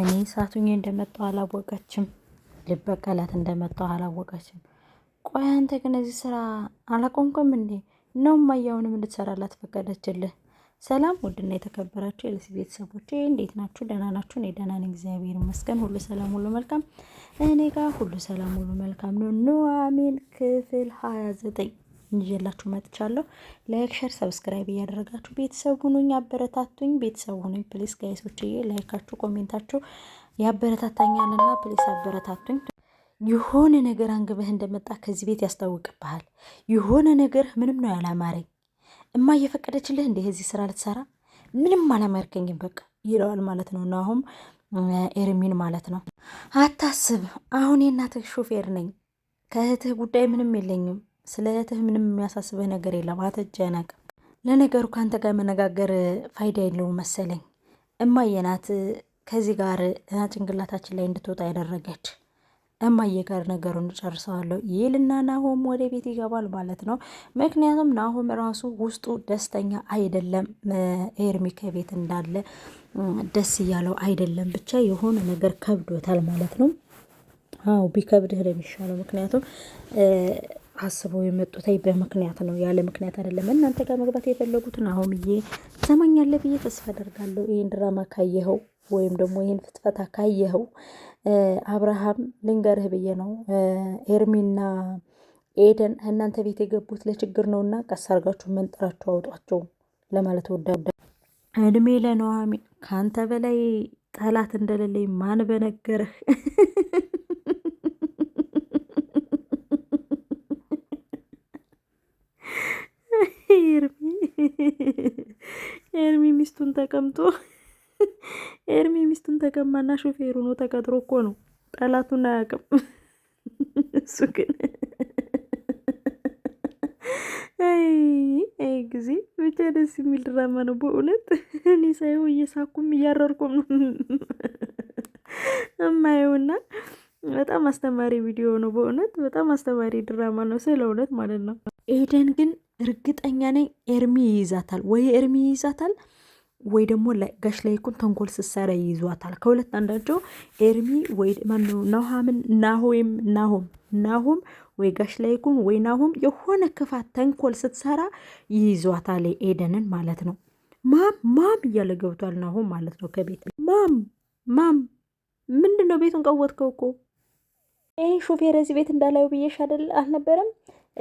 እኔ ሳቱኝ እንደመጣው አላወቀችም። ልበቀላት እንደመጣው አላወቀችም። ቆይ አንተ ግን እዚህ ስራ አላቆምክም እንዴ ነው? ማያውንም እንድትሰራላት ፈቀደችልህ? ሰላም ውድና የተከበራችሁ የልስ ቤተሰቦች እንዴት ናችሁ? ደህና ናችሁ? እኔ ደህና ነኝ፣ እግዚአብሔር ይመስገን። ሁሉ ሰላም፣ ሁሉ መልካም። እኔ ጋር ሁሉ ሰላም፣ ሁሉ መልካም ነው። ኑሐሚን ክፍል ሀያ ዘጠኝ ይዤላችሁ መጥቻለሁ። ላይክ፣ ሸር፣ ሰብስክራይብ እያደረጋችሁ ቤተሰብ ሁኑኝ፣ አበረታቱኝ። ቤተሰብ ሁኑኝ ፕሊስ ጋይሶችዬ። ላይካችሁ፣ ኮሜንታችሁ ያበረታታኛልና ፕሊስ አበረታቱኝ። የሆነ ነገር አንግበህ እንደመጣ ከዚህ ቤት ያስታውቅብሃል። የሆነ ነገር ምንም ነው ያላማረኝ። እማ እየፈቀደችልህ እንደ እዚህ ስራ ልትሰራ ምንም አላማርከኝም በቃ ይለዋል ማለት ነው። እና አሁን ኤርሚን ማለት ነው አታስብ፣ አሁን የእናትህ ሾፌር ነኝ። ከእህትህ ጉዳይ ምንም የለኝም። ስለ እህትህ ምንም የሚያሳስብህ ነገር የለም። አትጨነቅ። ለነገሩ ከአንተ ጋር መነጋገር ፋይዳ የለው መሰለኝ። እማዬ ናት ከዚህ ጋር እና ጭንቅላታችን ላይ እንድትወጣ ያደረገች። እማዬ ጋር ነገሩን ጨርሰዋለሁ ይልና ናሆም ወደ ቤት ይገባል ማለት ነው። ምክንያቱም ናሆም ራሱ ውስጡ ደስተኛ አይደለም። ኤርሚ ከቤት እንዳለ ደስ እያለው አይደለም። ብቻ የሆነ ነገር ከብዶታል ማለት ነው። አዎ ቢከብድህ ነው የሚሻለው ምክንያቱም አስበው የመጡት በምክንያት ነው፣ ያለ ምክንያት አይደለም። እናንተ ጋር መግባት የፈለጉትን አሁንዬ ትሰማኛለህ ብዬ ተስፋ አደርጋለሁ። ይህን ድራማ ካየኸው ወይም ደግሞ ይህን ፍትፈታ ካየኸው አብርሃም ልንገርህ ብዬ ነው ኤርሚና ኤደን እናንተ ቤት የገቡት ለችግር ነውና ቀስ አድርጋችሁ መንጠራችሁ አውጧቸው ለማለት ወዳደ እድሜ ለኑሐሚን ከአንተ በላይ ጠላት እንደሌለኝ ማን በነገረህ? ኤርሚ ሚስቱን ተቀምጦ ኤርሚ ሚስቱን ተቀማና ሹፌሩ ነው ተቀጥሮ እኮ ነው። ጠላቱን አያውቅም እሱ ግን አይ ጊዜ ብቻ ደስ የሚል ድራማ ነው በእውነት። እኔ ሳይሆን እየሳኩም እያረርኩም እማየውና በጣም አስተማሪ ቪዲዮ ነው በእውነት። በጣም አስተማሪ ድራማ ነው ስለ እውነት ማለት ነው። ኤደን ግን እርግጠኛ ነኝ ኤርሚ ይይዛታል። ወይ ኤርሚ ይይዛታል ወይ ደግሞ ጋሽ ላይኩን ተንኮል ስሰራ ይይዟታል። ከሁለት አንዳቸው ኤርሚ ወይ ማነው ናሆምን ናሆም ናሆም ናሆም ወይ ጋሽ ላይኩን ወይ ናሆም የሆነ ክፋት ተንኮል ስትሰራ ይይዟታል፣ ኤደንን ማለት ነው። ማም ማም እያለ ገብቷል ናሆም ማለት ነው። ከቤት ማም ማም ምንድን ነው ቤቱን ቀወጥከው እኮ ይህ ሾፌር እዚህ ቤት እንዳላዩ ብዬሽ አይደል አልነበረም?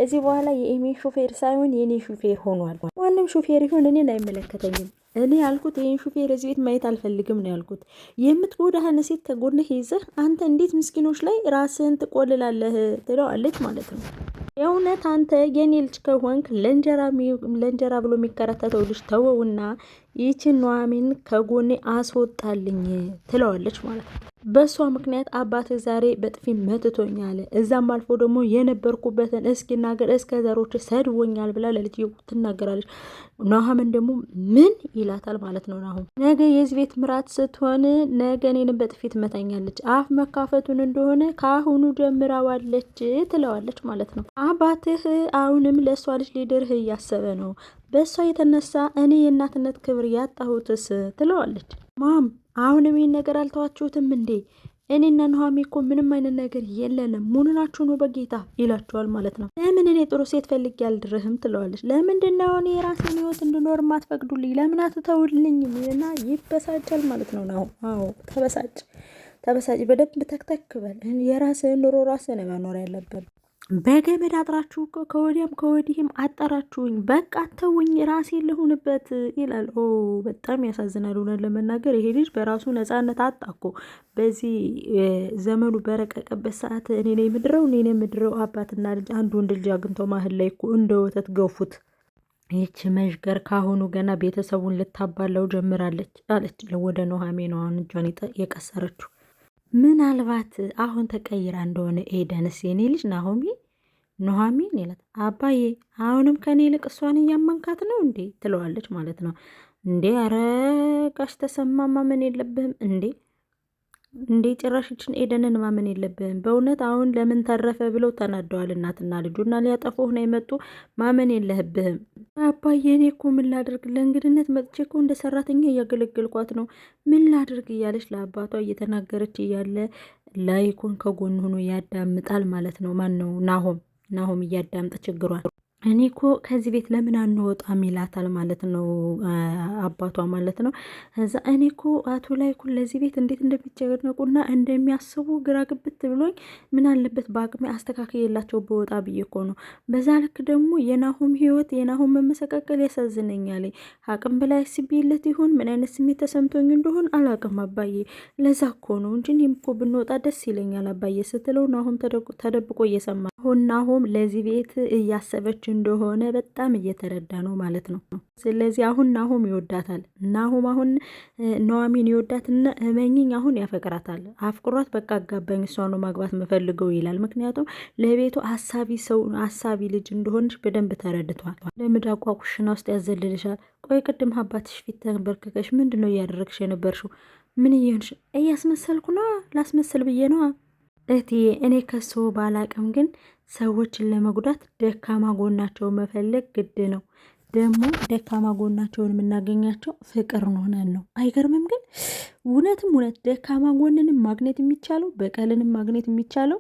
እዚህ በኋላ የኤሜን ሾፌር ሳይሆን የእኔ ሹፌር ሆኗል። ማንም ሾፌር ይሁን እኔን አይመለከተኝም። እኔ ያልኩት ይህን ሹፌር እዚህ ቤት ማየት አልፈልግም ነው ያልኩት። የምትጎዳህን ሴት ከጎንህ ይዘህ አንተ እንዴት ምስኪኖች ላይ ራስህን ትቆልላለህ? ትለዋለች ማለት ነው። የእውነት አንተ የኔ ልጅ ከሆንክ ለእንጀራ ብሎ የሚከራተተው ልጅ ተወውና ይህችን ኑሐሚን ከጎኔ አስወጣልኝ ትለዋለች ማለት ነው። በእሷ ምክንያት አባቴ ዛሬ በጥፊ መትቶኛል፣ እዛም አልፎ ደግሞ የነበርኩበትን እስኪናገር እስከ ዘሮች ሰድቦኛል ብላ ለልጅየው ትናገራለች። ኑሐሚን ደግሞ ምን ይላታል ማለት ነው። ናሁም ነገ የዚህ ቤት ምራት ስትሆን ነገ እኔንም በጥፊ ትመታኛለች፣ አፍ መካፈቱን እንደሆነ ከአሁኑ ጀምራዋለች ትለዋለች ማለት ነው። አባትህ አሁንም ለእሷ ልጅ ሊድርህ እያሰበ ነው። በእሷ የተነሳ እኔ የእናትነት ክብር ያጣሁትስ ትለዋለች። ማም አሁንም ይህን ነገር አልተዋችሁትም እንዴ? እኔና ኑሃሜ እኮ ምንም አይነት ነገር የለንም። ሙኑናችሁ ነው በጌታ ይላችኋል ማለት ነው። ለምን እኔ ጥሩ ሴት ፈልጌ ያልድርህም ትለዋለች። ለምንድን ነው እኔ የራሴን ህይወት እንድኖር ማትፈቅዱልኝ? ለምን አትተውልኝ? እና ይበሳጫል ማለት ነው። ናሁ አዎ፣ ተበሳጭ ተበሳጭ፣ በደንብ ተክተክበል። በል። የራስህን ኑሮ ነው መኖር ያለብን በገመድ አጥራችሁ ከወዲያም ከወዲህም አጠራችሁኝ፣ በቃ ተውኝ፣ ራሴ ልሁንበት ይላል። ኦ በጣም ያሳዝናል። እውነት ለመናገር ይሄ ልጅ በራሱ ነፃነት አጣ እኮ በዚህ ዘመኑ በረቀቀበት ሰዓት እኔ ነው የምድረው እኔ ነው የምድረው አባትና ልጅ አንድ ወንድ ልጅ አግኝተው ማህል ላይ እኮ እንደ ወተት ገፉት። ይች መዥገር ካሁኑ ገና ቤተሰቡን ልታባለው ጀምራለች አለች ወደ ኑሃሜን አሁን እጇን የቀሰረችው ምናልባት አሁን ተቀይራ እንደሆነ ኤደንስ የኔ ልጅ ናሆሚ ኑሐሚን ይላት አባዬ፣ አሁንም ከኔ ይልቅ እሷን እያመንካት ነው እንዴ ትለዋለች ማለት ነው። እንዴ ኧረ ጋሽ ተሰማማ ምን የለብህም እንዴ እንዴ ጭራሽችን ኤደንን ማመን የለብህም። በእውነት አሁን ለምን ተረፈ ብለው ተናደዋል እናትና ልጁ እና ሊያጠፉህ ነው የመጡ ማመን የለህብህም። አባዬ እኔ እኮ ምን ላድርግ ለእንግድነት መጥቼ እኮ እንደ ሰራተኛ እያገለገልኳት ነው ምን ላድርግ እያለች ለአባቷ እየተናገረች እያለ ላይኩን ከጎን ሆኖ ያዳምጣል ማለት ነው። ማን ነው ናሆም ናሆም እያዳምጠ ችግሯል እኔ እኮ ከዚህ ቤት ለምን አንወጣም ይላታል ማለት ነው፣ አባቷ ማለት ነው። እዛ እኔ እኮ አቶ ላይኩን ለዚህ ቤት እንዴት እንደሚጨነቁና እንደሚያስቡ ግራ ግብት ብሎኝ ምን አለበት በአቅሜ አስተካክዬላቸው በወጣ ብዬ እኮ ነው። በዛ ልክ ደግሞ የናሆም ህይወት የናሆም መመሰቃቀል ያሳዝነኛል። አቅም በላይ አስቤለት ይሁን ምን አይነት ስሜት ተሰምቶኝ እንደሆን አላቅም አባዬ። ለዛ እኮ ነው እንጂ እኔም እኮ ብንወጣ ደስ ይለኛል አባዬ ስትለው ናሆም ተደብቆ እየሰማ አሁን ናሆም ለዚህ ቤት እያሰበች እንደሆነ በጣም እየተረዳ ነው ማለት ነው። ስለዚህ አሁን ናሆም ይወዳታል። ናሆም አሁን ኑሐሚን ይወዳትና እመኝኝ አሁን ያፈቅራታል። አፍቅሯት በቃ አጋባኝ፣ እሷ ነው ማግባት የምፈልገው ይላል። ምክንያቱም ለቤቱ አሳቢ ሰው አሳቢ ልጅ እንደሆነች በደንብ ተረድቷል። ለምድ አቋቁሽና ውስጥ ያዘልልሻል። ቆይ ቅድም አባትሽ ፊት ተንበርክከሽ ምንድን ነው እያደረግሽ የነበርሽው? ምን እየሆንሽ እያስመሰልኩ ነዋ፣ ላስመስል ብዬ ነዋ እህትዬ እኔ ከሰው ባላቅም ግን ሰዎችን ለመጉዳት ደካማ ጎናቸውን መፈለግ ግድ ነው። ደግሞ ደካማ ጎናቸውን የምናገኛቸው ፍቅር ሆነን ነው። አይገርምም? ግን እውነትም እውነት ደካማ ጎንንም ማግኘት የሚቻለው በቀልንም ማግኘት የሚቻለው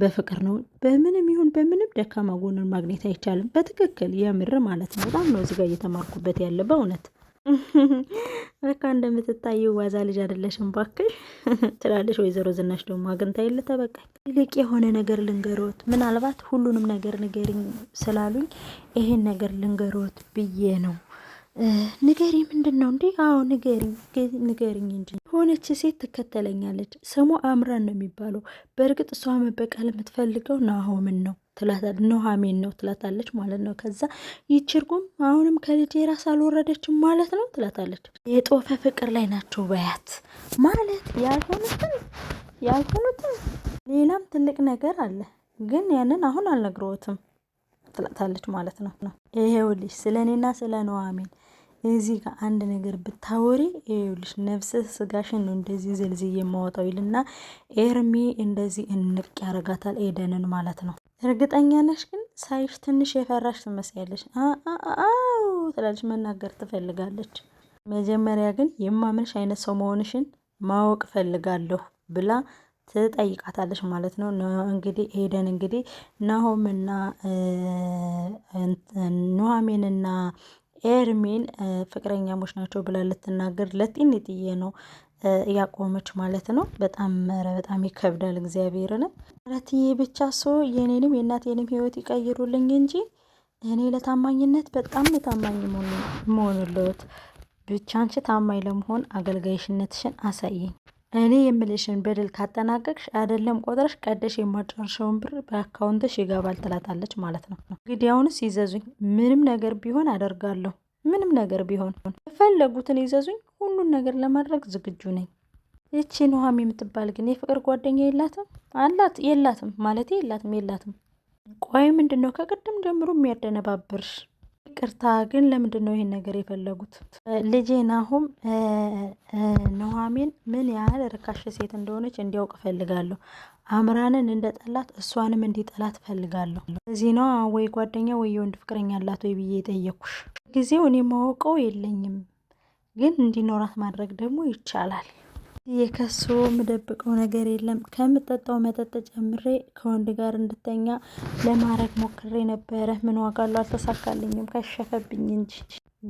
በፍቅር ነው። በምንም ይሁን በምንም ደካማ ጎንን ማግኘት አይቻልም። በትክክል የምር ማለት ነው። በጣም ነው እዚጋ እየተማርኩበት ያለ በእውነት በቃ እንደምትታዩ ዋዛ ልጅ አይደለሽም ባክሽ ትላለሽ ወይዘሮ ዝናሽ ደግሞ አግኝታ የለ ተበቃኝ። ይልቅ የሆነ ነገር ልንገሮት፣ ምናልባት ሁሉንም ነገር ንገሪኝ ስላሉኝ ይሄን ነገር ልንገሮት ብዬ ነው። ንገሪ ምንድን ነው እንዴ? አዎ ንገሪኝ፣ ንገሪኝ እንጂ ሆነች ሴት ትከተለኛለች። ስሙ አምራን ነው የሚባለው። በእርግጥ እሷ መበቀል የምትፈልገው ናሆምን ነው ትላታለች ኑሐሚን ነው ትላታለች ማለት ነው። ከዛ ይችርጉም አሁንም ከልጄ ራስ አልወረደችም ማለት ነው ትላታለች። የጦፈ ፍቅር ላይ ናቸው በያት ማለት ያልሆኑትን ያልሆኑትን ሌላም ትልቅ ነገር አለ፣ ግን ያንን አሁን አልነግረውትም ትላታለች ማለት ነው። ይሄው ልጅ ስለ እኔና ስለ ኑሐሚን እዚህ ጋር አንድ ነገር ብታወሪ ይኸውልሽ ነፍስ ስጋሽን ነው እንደዚህ ዘልዝዬ የማወጣው ይልና ኤርሚ እንደዚህ እንቅ ያረጋታል ኤደንን ማለት ነው። እርግጠኛ ነሽ ግን ሳይሽ ትንሽ የፈራሽ ትመስያለሽ። አዎ ትላለች፣ መናገር ትፈልጋለች። መጀመሪያ ግን የማምንሽ አይነት ሰው መሆንሽን ማወቅ ፈልጋለሁ ብላ ትጠይቃታለች ማለት ነው። እንግዲህ ሄደን እንግዲህ ናሆምና ኑሐሚንና ኤርሚን ፍቅረኛሞች ናቸው ብላ ልትናገር ለጤንጥዬ ነው ያቆመች ማለት ነው። በጣም ኧረ በጣም ይከብዳል። እግዚአብሔርን ረትዬ ብቻ ሶ የኔንም የእናቴንም ህይወት ይቀይሩልኝ እንጂ እኔ ለታማኝነት በጣም ታማኝ መሆንለት ብቻ አንቺ ታማኝ ለመሆን አገልጋይሽነትሽን አሳይኝ። እኔ የምልሽን በድል ካጠናቀቅሽ አይደለም ቆጥረሽ ቀደሽ የማጨርሸውን ብር በአካውንትሽ ይገባል ትላታለች ማለት ነው። አሁንስ ይዘዙኝ፣ ምንም ነገር ቢሆን አደርጋለሁ። ምንም ነገር ቢሆን የፈለጉትን ይዘዙኝ፣ ሁሉን ነገር ለማድረግ ዝግጁ ነኝ። ይቺ ኑሃም የምትባል ግን የፍቅር ጓደኛ የላትም አላት? የላትም ማለት የላትም የላትም። ቆይ ምንድን ነው ከቅድም ጀምሮ የሚያደነባብርሽ? ይቅርታ ግን ለምንድን ነው ይሄን ነገር የፈለጉት? ልጄ ናሁም ኑሐሚን ምን ያህል ርካሽ ሴት እንደሆነች እንዲያውቅ እፈልጋለሁ። አምራንን እንደ ጠላት እሷንም እንዲጠላት እፈልጋለሁ። እዚህ ነው ወይ ጓደኛ ወይ የወንድ ፍቅረኛ አላት ወይ ብዬ የጠየኩሽ ጊዜው እኔ ማወቀው የለኝም፣ ግን እንዲኖራት ማድረግ ደግሞ ይቻላል። የከሶ የምደብቀው ነገር የለም። ከምጠጣው መጠጥ ጨምሬ ከወንድ ጋር እንድተኛ ለማድረግ ሞክሬ ነበረ። ምን ዋጋ አለው? አልተሳካልኝም፣ ከሸፈብኝ እንጂ።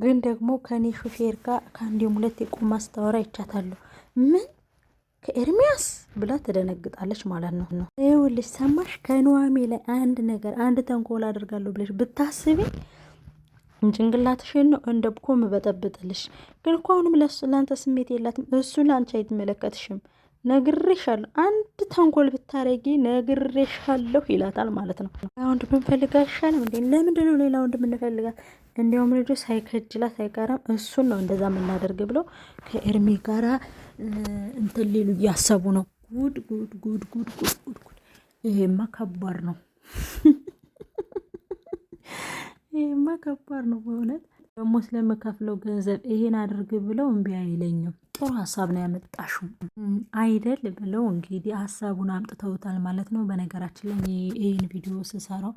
ግን ደግሞ ከኔ ሹፌር ጋር ከአንዴም ሁለት የቁም አስታወራ ይቻታለሁ። ምን ከኤርሚያስ ብላ ትደነግጣለች ማለት ነው ነው ይኸውልሽ፣ ሰማሽ? ከኑሃሜ ላይ አንድ ነገር አንድ ተንኮል አደርጋለሁ ብለሽ ብታስቢ ጭንቅላትሽን ነው እንደ ብኮ ምበጠብጥልሽ። ግን እኮ አሁንም ለሱ ለአንተ ስሜት የላትም። እሱ ለአንቺ አይትመለከትሽም። ነግሬሻለሁ፣ አንድ ተንኮል ብታረጊ ነግሬሻለሁ ይላታል ማለት ነው። ወንድ ብንፈልግ አይሻልም እንዴ? ለምንድን ነው ሌላ ወንድ የምንፈልጋት? እንዲያውም ልጁ ሳይከጅላት አይቀርም እሱን ነው እንደዛ የምናደርግ ብለው ከኤርሜ ጋራ እንትን ሊሉ እያሰቡ ነው። ጉድ ጉድ ጉድ ጉድ ጉድ ጉድ! ይሄማ ከባድ ነው። ይሄማ ከባድ ነው በእውነት ደግሞ ስለምከፍለው ገንዘብ ይሄን አድርግ ብለው እምቢ አይለኝም። ጥሩ ሀሳብ ነው ያመጣሽው አይደል ብለው እንግዲህ ሀሳቡን አምጥተውታል ማለት ነው። በነገራችን ላይ ይህን ቪዲዮ ስሰራው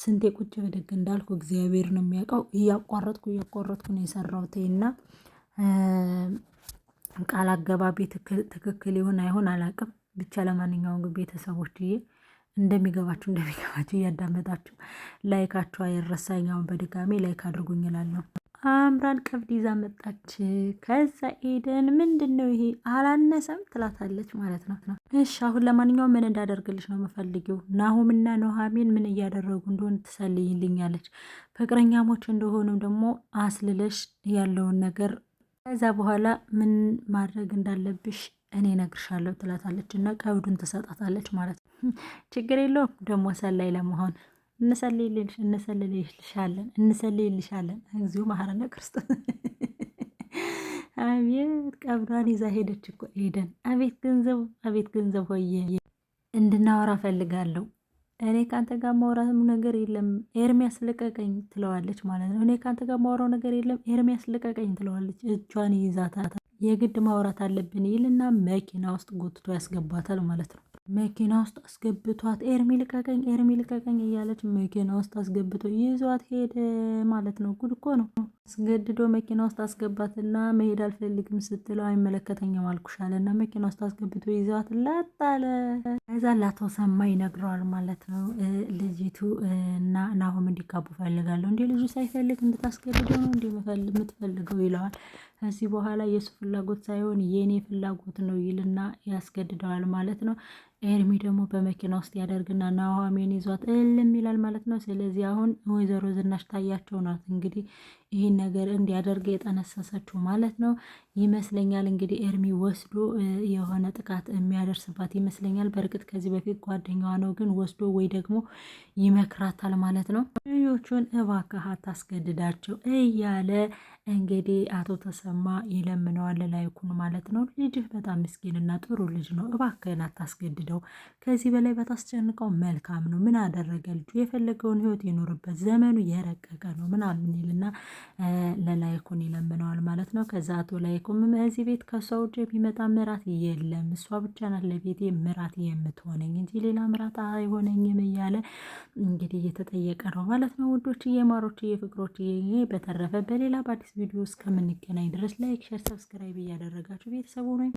ስንቴ ቁጭ ብድግ እንዳልኩ እግዚአብሔር ነው የሚያውቀው። እያቋረጥኩ እያቋረጥኩ ነው የሰራሁት እና ቃል አገባቤ ትክክል ይሁን አይሁን አላውቅም። ብቻ ለማንኛውም ቤተሰቦች ዬ እንደሚገባችሁ እንደሚገባችሁ እያዳመጣችሁ ላይካችሁ አይረሳኝ። አሁን በድጋሚ ላይክ አድርጉኝ እላለሁ። አምራን ቀብድ ይዛ መጣች። ከዛ ኤደን ምንድን ነው ይሄ አላነሰም ትላታለች ማለት ነው እሺ አሁን ለማንኛውም ምን እንዳደርግልሽ ነው የምፈልጊው? ናሁምና ኖሃሜን ምን እያደረጉ እንደሆን ትሰልይልኛለች። ፍቅረኛሞች እንደሆኑም ደግሞ አስልለሽ ያለውን ነገር ከዛ በኋላ ምን ማድረግ እንዳለብሽ እኔ ነግርሻለሁ ትላታለች እና ቀብዱን ትሰጣታለች ማለት ነው። ችግር የለውም ደግሞ ሰላይ ለመሆን እንሰልልልሻለን እንሰልልልሻለን እግዚኦ መሐረነ ክርስቶስ አቤት ቀብዷን ይዛ ሄደች እኮ ሄደን አቤት ገንዘቡ አቤት ገንዘብ ሆየ እንድናወራ ፈልጋለሁ እኔ ከአንተ ጋር ማውራትም ነገር የለም ኤርሚያስ ልቀቀኝ ትለዋለች ማለት ነው። እኔ ከአንተ ጋር ማውራው ነገር የለም ኤርሚያስ ልቀቀኝ ትለዋለች። እጇን ይዛታል። የግድ ማውራት አለብን ይልና መኪና ውስጥ ጎትቶ ያስገባታል ማለት ነው። መኪና ውስጥ አስገብቷት ኤርሚ ልቀቀኝ፣ ኤርሚ ልቀቀኝ እያለች መኪና ውስጥ አስገብቶ ይዟት ሄደ ማለት ነው። ጉድ እኮ ነው። አስገድዶ መኪና ውስጥ አስገባትና መሄድ አልፈልግም ስትለው አይመለከተኝም አልኩሻለ እና መኪና ውስጥ አስገብቶ ይዟት ላጣለ አለ። ከዛ ላቶ ሰማ ይነግረዋል ማለት ነው። ልጅቱ እና ናሆም እንዲጋቡ ፈልጋለሁ። እንዴ ልጁ ሳይፈልግ እንድታስገድደው ነው እንዲህ የምትፈልገው ይለዋል። ከዚህ በኋላ የእሱ ፍላጎት ሳይሆን የእኔ ፍላጎት ነው ይልና ያስገድደዋል ማለት ነው። ኤርሚ ደግሞ በመኪና ውስጥ ያደርግና ኑሃሚን ይዟት እልም ይላል ማለት ነው። ስለዚህ አሁን ወይዘሮ ዝናሽ ታያቸው ናት እንግዲህ ይህን ነገር እንዲያደርግ የጠነሰሰችው ማለት ነው ይመስለኛል። እንግዲህ ኤርሚ ወስዶ የሆነ ጥቃት የሚያደርስባት ይመስለኛል። በእርግጥ ከዚህ በፊት ጓደኛዋ ነው፣ ግን ወስዶ ወይ ደግሞ ይመክራታል ማለት ነው። ልጆቹን እባክህ አታስገድዳቸው እያለ እንግዲህ አቶ ተሰማ ይለምነዋል ላይኩን ማለት ነው። ልጅህ በጣም ምስኪንና ጥሩ ልጅ ነው፣ እባክህን አታስገድደው። ከዚህ በላይ በታስጨንቀው መልካም ነው። ምን አደረገ ልጁ? የፈለገውን ህይወት ይኖርበት፣ ዘመኑ የረቀቀ ነው ምናምን ይልና ለላይኩን ይለምነዋል ማለት ነው። ከዛ አቶ ላይኩም እዚህ ቤት ከሷ ውጭ የሚመጣ ምራት የለም፣ እሷ ብቻ ናት ለቤቴ ምራት የምትሆነኝ እንጂ ሌላ ምራት አይሆነኝም እያለ እንግዲህ እየተጠየቀ ነው ማለት ነው። ውዶች የማሮች የፍቅሮች በተረፈ በሌላ በአዲስ ቪዲዮ እስከምንገናኝ ድረስ ላይክ፣ ሸር፣ ሰብስክራይብ እያደረጋችሁ ቤተሰቡ ነኝ።